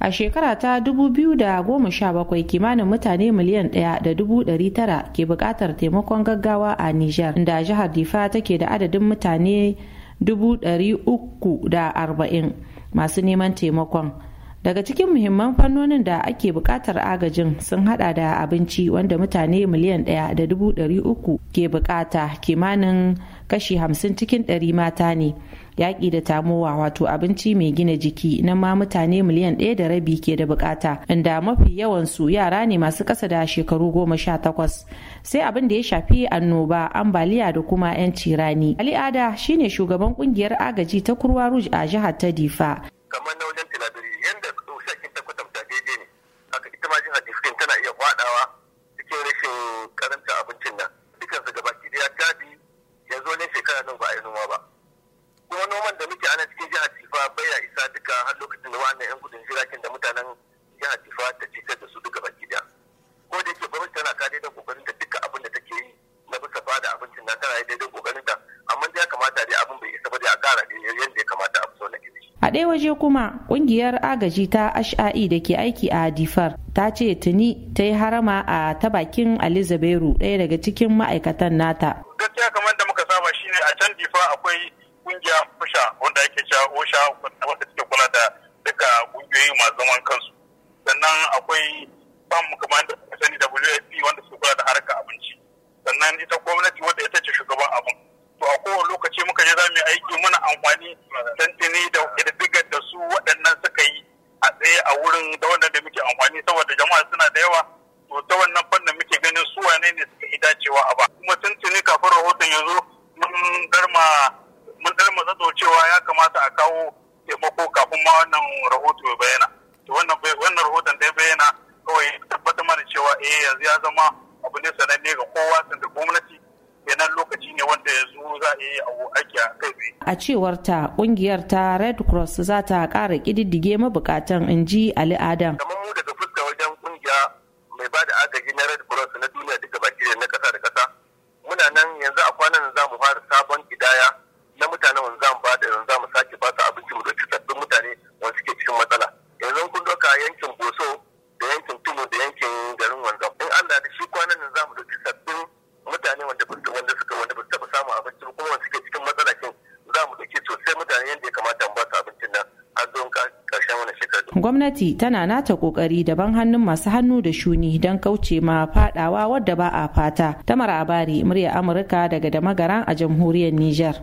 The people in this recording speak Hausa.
a shekara ta 2017 kimanin mutane miliyan tara ke bukatar taimakon gaggawa a niger inda jihar difa take da adadin mutane 340 masu neman taimakon daga cikin muhimman fannonin da ake bukatar agajin sun hada da abinci wanda mutane miliyan ɗaya da dubu ke bukata kimanin kashi hamsin cikin ɗari mata ne yaƙi da tamowa wato abinci mai gina jiki na ma mutane miliyan ɗaya da rabi ke da bukata inda mafi yawansu yara ne masu ƙasa da shekaru goma sha takwas sai abin da ya shafi annoba ambaliya da kuma 'yanci rani ali ada shine shugaban ƙungiyar agaji ta kurwa ruj a jihar ta difa wannan 'yan gudun jiragen da mutanen jihar Tifa ta cikar da su duka baki da Ko da yake gwamnati tana kare da kokarin da duka abin da take yi na bisa bada da abincin na tana daidai kokarin ta amma ya kamata dai abin bai isa ba dai a kara da yadda ya kamata a so na A ɗaya waje kuma ƙungiyar agaji ta HAI e da ke aiki a Difar ta ce tuni ta yi harama a ta bakin Alizaberu ɗaya daga cikin ma'aikatan nata. Gaskiya kamar da muka saba shine a can Difa akwai kungiya fusha wanda ake cewa osha wanda suke kula da kuma da suka sani WFP wanda suka kula da harkar abinci sannan ita gwamnati wadda ita ce shugaban abin to a kowane lokaci muka je za mu yi aiki muna amfani tantini da ƙididdigar da su waɗannan suka yi a tsaye a wurin da wannan da muke amfani saboda jama'a suna da yawa to ta wannan fannin muke ganin su wane ne suka yi dacewa a ba kuma tuntuni kafin rahoton ya zo mun darma mun darma zato cewa ya kamata a kawo taimako kafin ma wannan rahoto ya bayyana to wannan a cewar ta kungiyar ta red cross za ta kara kididdige mabukatan inji ji ali adam kamar mu daga fuska wajen kungiya mai ba da agaji na red shekaru. Gwamnati tana nata kokari daban hannun masu hannu da shuni don kauce ma fadawa wadda ba a fata. Tamar Abari, murya Amurka daga Damagaran a jamhuriyar Nijar.